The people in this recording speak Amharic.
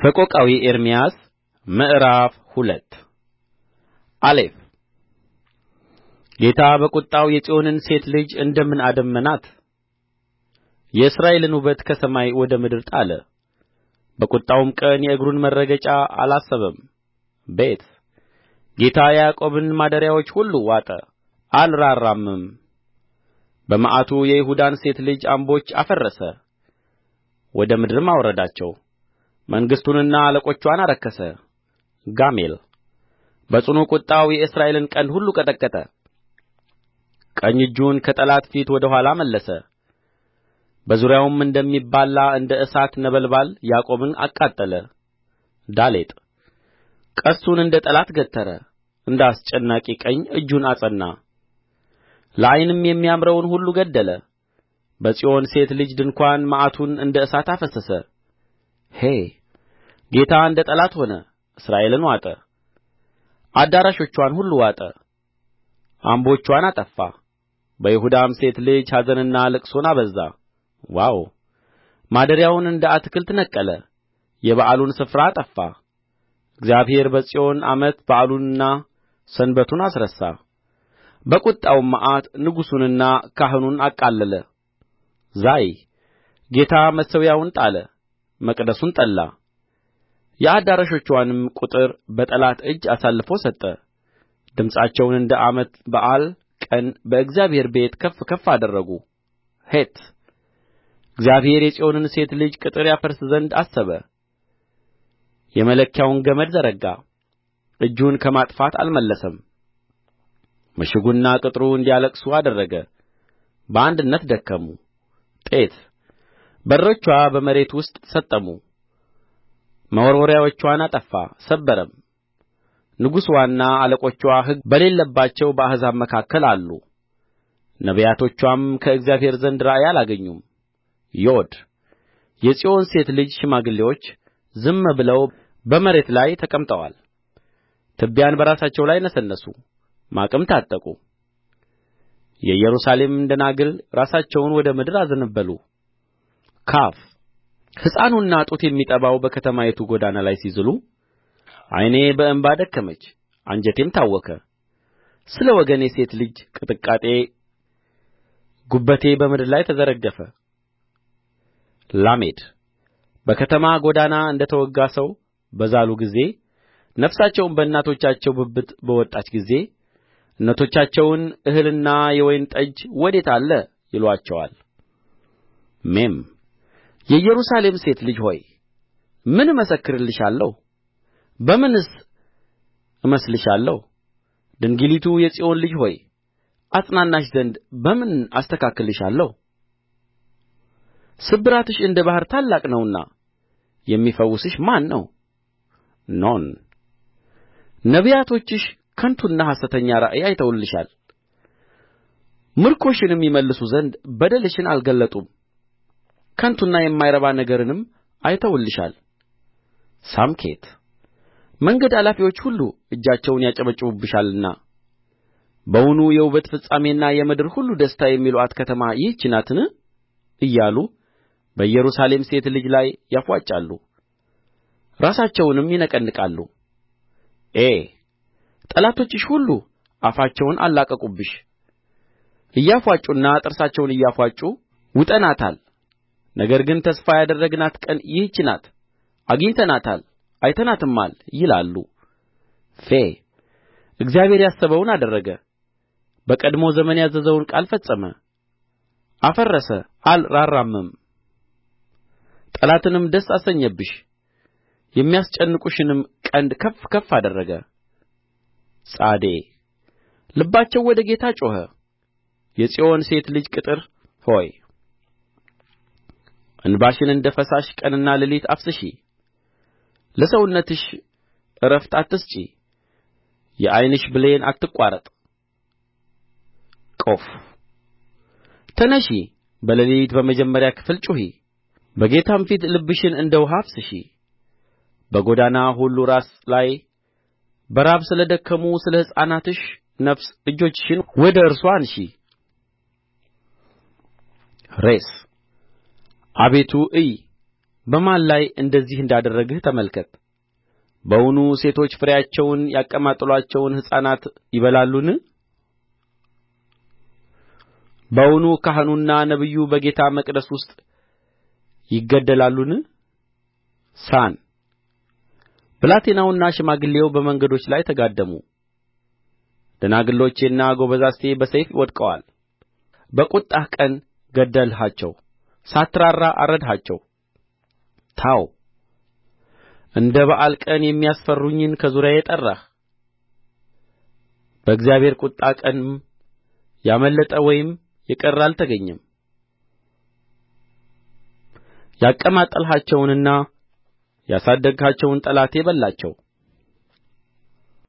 ሰቆቃዊ ኤርምያስ ምዕራፍ ሁለት አሌፍ ጌታ በቍጣው የጽዮንን ሴት ልጅ እንደምን አደመናት የእስራኤልን ውበት ከሰማይ ወደ ምድር ጣለ በቍጣውም ቀን የእግሩን መረገጫ አላሰበም ቤት ጌታ የያዕቆብን ማደሪያዎች ሁሉ ዋጠ አልራራምም በመዓቱ የይሁዳን ሴት ልጅ አምቦች አፈረሰ ወደ ምድርም አወረዳቸው መንግሥቱንና አለቆችዋን አረከሰ ጋሜል በጽኑ ቍጣው የእስራኤልን ቀንድ ሁሉ ቀጠቀጠ ቀኝ እጁን ከጠላት ፊት ወደ ኋላ መለሰ በዙሪያውም እንደሚባላ እንደ እሳት ነበልባል ያዕቆብን አቃጠለ ዳሌጥ ቀስቱን እንደ ጠላት ገተረ እንደ አስጨናቂ ቀኝ እጁን አጸና ለዓይንም የሚያምረውን ሁሉ ገደለ በጽዮን ሴት ልጅ ድንኳን መዓቱን እንደ እሳት አፈሰሰ ሄ ጌታ እንደ ጠላት ሆነ እስራኤልን ዋጠ አዳራሾችዋን ሁሉ ዋጠ አምቦችዋን አጠፋ በይሁዳም ሴት ልጅ ኀዘንንና ልቅሶን አበዛ ዋው ማደሪያውን እንደ አትክልት ነቀለ የበዓሉን ስፍራ አጠፋ እግዚአብሔር በጽዮን ዓመት በዓሉንና ሰንበቱን አስረሳ በቍጣውም መዓት ንጉሡንና ካህኑን አቃለለ ዛይ ጌታ መሠዊያውን ጣለ መቅደሱን ጠላ የአዳራሾችዋንም ቅጥር በጠላት እጅ አሳልፎ ሰጠ ድምፃቸውን እንደ ዓመት በዓል ቀን በእግዚአብሔር ቤት ከፍ ከፍ አደረጉ ሔት እግዚአብሔር የጽዮንን ሴት ልጅ ቅጥር ያፈርስ ዘንድ አሰበ የመለኪያውን ገመድ ዘረጋ እጁን ከማጥፋት አልመለሰም ምሽጉና ቅጥሩ እንዲያለቅሱ አደረገ በአንድነት ደከሙ ጤት በሮችዋ በመሬት ውስጥ ሰጠሙ መወርወሪያዎችዋን አጠፋ ሰበረም ንጉሥዋና አለቆችዋ ሕግ በሌለባቸው በአሕዛብ መካከል አሉ ነቢያቶችዋም ከእግዚአብሔር ዘንድ ራእይ አላገኙም ዮድ የጽዮን ሴት ልጅ ሽማግሌዎች ዝም ብለው በመሬት ላይ ተቀምጠዋል ትቢያን በራሳቸው ላይ ነሰነሱ ማቅም ታጠቁ የኢየሩሳሌም ደናግል ራሳቸውን ወደ ምድር አዘነበሉ ካፍ ሕፃኑና ጡት የሚጠባው በከተማይቱ ጐዳና ላይ ሲዝሉ ዓይኔ በእንባ ደከመች አንጀቴም ታወከ ስለ ወገኔ ሴት ልጅ ቅጥቃጤ ጉበቴ በምድር ላይ ተዘረገፈ ላሜድ በከተማ ጐዳና እንደ ተወጋ ሰው በዛሉ ጊዜ ነፍሳቸውን በእናቶቻቸው ብብት በወጣች ጊዜ እናቶቻቸውን እህልና የወይን ጠጅ ወዴት አለ ይሉአቸዋል ሜም የኢየሩሳሌም ሴት ልጅ ሆይ ምን እመሰክርልሻለሁ በምንስ እመስልሻለሁ ድንግሊቱ የጽዮን ልጅ ሆይ አጽናናሽ ዘንድ በምን አስተካክልሻለሁ ስብራትሽ እንደ ባሕር ታላቅ ነውና የሚፈውስሽ ማን ነው ኖን ነቢያቶችሽ ከንቱና ሐሰተኛ ራእይ አይተውልሻል ምርኮሽንም ይመልሱ ዘንድ በደልሽን አልገለጡም ከንቱና የማይረባ ነገርንም አይተውልሻል ሳምኬት መንገድ አላፊዎች ሁሉ እጃቸውን ያጨበጭቡብሻልና በውኑ የውበት ፍጻሜና የምድር ሁሉ ደስታ የሚሉአት ከተማ ይህች ናትን እያሉ በኢየሩሳሌም ሴት ልጅ ላይ ያፍዋጫሉ ራሳቸውንም ይነቀንቃሉ ዔ ጠላቶችሽ ሁሉ አፋቸውን አላቀቁብሽ እያፍዋጩና ጥርሳቸውን እያፋጩ ውጠናታል ነገር ግን ተስፋ ያደረግናት ቀን ይህች ናት አግኝተናታል አይተናትማል ይላሉ ፌ እግዚአብሔር ያሰበውን አደረገ በቀድሞ ዘመን ያዘዘውን ቃል ፈጸመ አፈረሰ አልራራምም ጠላትንም ደስ አሰኘብሽ የሚያስጨንቁሽንም ቀንድ ከፍ ከፍ አደረገ ጻዴ ልባቸው ወደ ጌታ ጮኸ የጽዮን ሴት ልጅ ቅጥር ሆይ እንባሽን እንደ ፈሳሽ ቀንና ሌሊት አፍስሺ ለሰውነትሽ ዕረፍት አትስጪ የዓይንሽ ብሌን አትቋረጥ ቆፍ ተነሺ በሌሊት በመጀመሪያ ክፍል ጩኺ በጌታም ፊት ልብሽን እንደ ውኃ አፍስሺ በጎዳና ሁሉ ራስ ላይ በራብ ስለ ደከሙ ስለ ሕፃናትሽ ነፍስ እጆችሽን ወደ እርሱ አንሺ ሬስ አቤቱ እይ በማን ላይ እንደዚህ እንዳደረግህ ተመልከት በውኑ ሴቶች ፍሬያቸውን ያቀማጠሉአቸውን ሕፃናት ይበላሉን በውኑ ካህኑና ነቢዩ በጌታ መቅደስ ውስጥ ይገደላሉን ሳን ብላቴናውና ሽማግሌው በመንገዶች ላይ ተጋደሙ ደናግሎቼና ጐበዛዝቴ በሰይፍ ወድቀዋል በቍጣህ ቀን ገደልሃቸው ሳትራራ አረድሃቸው ታው እንደ በዓል ቀን የሚያስፈሩኝን ከዙሪያዬ ጠራህ በእግዚአብሔር ቍጣ ቀንም ያመለጠ ወይም የቀረ አልተገኘም ያቀማጠልሃቸውንና ያሳደግሃቸውን ጠላቴ በላቸው